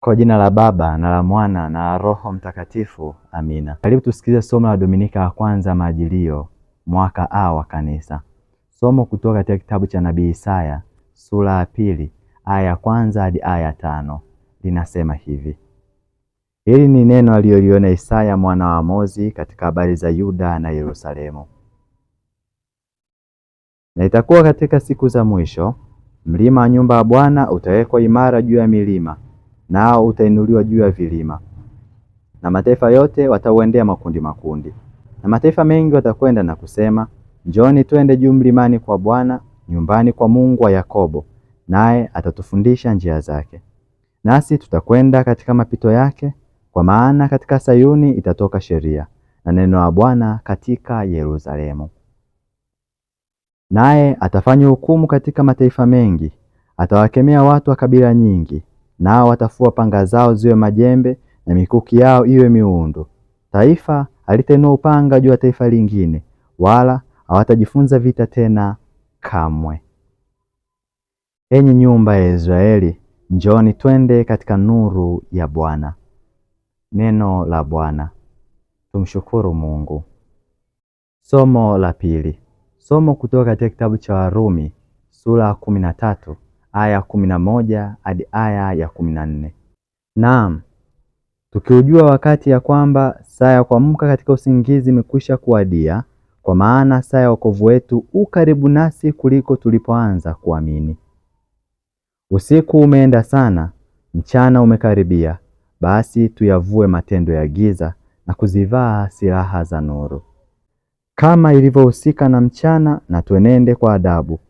Kwa jina la Baba na la Mwana na la Roho Mtakatifu, amina. Karibu tusikilize somo la Dominika ya kwanza Majilio, mwaka A wa Kanisa. Somo kutoka katika kitabu cha nabii Isaya sura ya pili aya ya kwanza hadi aya ya tano linasema hivi: hili ni neno aliyoliona Isaya mwana wa Amozi katika habari za Yuda na Yerusalemu. Na itakuwa katika siku za mwisho, mlima wa nyumba ya Bwana utawekwa imara juu ya milima nao utainuliwa juu ya vilima, na mataifa yote watauendea makundi makundi, na mataifa mengi watakwenda na kusema, njoni twende juu mlimani kwa Bwana, nyumbani kwa Mungu wa Yakobo, naye atatufundisha njia zake, nasi tutakwenda katika mapito yake. Kwa maana katika Sayuni itatoka sheria na neno la Bwana katika Yerusalemu. Naye atafanya hukumu katika mataifa mengi, atawakemea watu wa kabila nyingi, nao watafua panga zao ziwe majembe na mikuki yao iwe miundo. Taifa halitainua upanga juu ya taifa lingine, wala hawatajifunza vita tena kamwe. Enyi nyumba ya Israeli, njoni twende katika nuru ya Bwana. Neno la Bwana. Tumshukuru Mungu. Somo la pili. Somo kutoka katika kitabu cha Warumi sura ya kumi na tatu aya kumi na moja hadi aya ya kumi na nne. Naam, tukiujua wakati ya kwamba saa ya kuamka katika usingizi imekwisha kuadia, kwa maana saa ya wokovu wetu u karibu nasi kuliko tulipoanza kuamini. Usiku umeenda sana, mchana umekaribia. Basi tuyavue matendo ya giza na kuzivaa silaha za nuru, kama ilivyohusika na mchana, na tuenende kwa adabu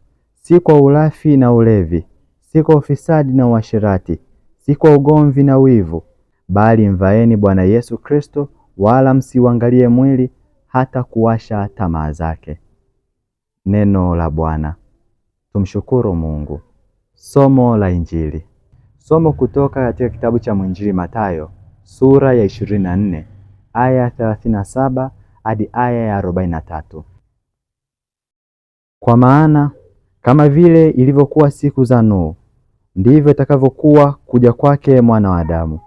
si kwa ulafi na ulevi, si kwa ufisadi na uasherati, si kwa ugomvi na wivu, bali mvaeni Bwana Yesu Kristo, wala msiuangalie mwili hata kuwasha tamaa zake. Neno la Bwana. Tumshukuru Mungu. Somo la Injili. Somo kutoka katika kitabu cha mwinjili Mathayo sura ya 24 aya ya 37 hadi aya ya 43. Kwa maana kama vile ilivyokuwa siku za Nuhu, ndivyo itakavyokuwa kuja kwake mwana wa Adamu.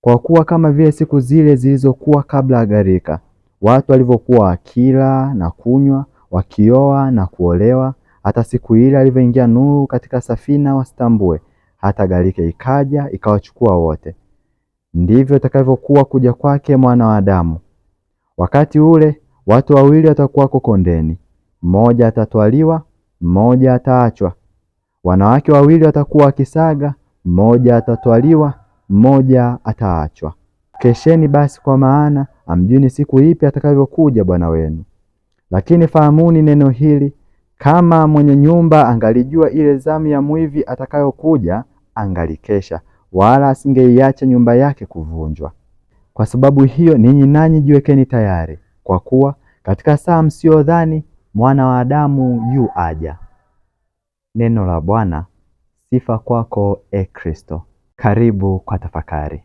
Kwa kuwa kama vile siku zile zilizokuwa kabla ya gharika, watu walivyokuwa wakila na kunywa, wakioa na kuolewa, hata siku ile alivyoingia Nuhu katika safina, wasitambue hata gharika ikaja ikawachukua wote, ndivyo itakavyokuwa kuja kwake mwana wa Adamu. Wakati ule watu wawili watakuwako kondeni, mmoja atatwaliwa mmoja ataachwa. Wanawake wawili watakuwa wakisaga, mmoja atatwaliwa, mmoja ataachwa. Kesheni basi, kwa maana hamjui siku ipi atakavyokuja Bwana wenu. Lakini fahamuni neno hili, kama mwenye nyumba angalijua ile zamu ya mwivi atakayokuja, angalikesha, wala asingeiacha nyumba yake kuvunjwa. Kwa sababu hiyo, ninyi nanyi jiwekeni tayari, kwa kuwa katika saa msiyodhani Mwana wa Adamu yu aja. Neno la Bwana. Sifa kwako, E Kristo. Karibu kwa tafakari.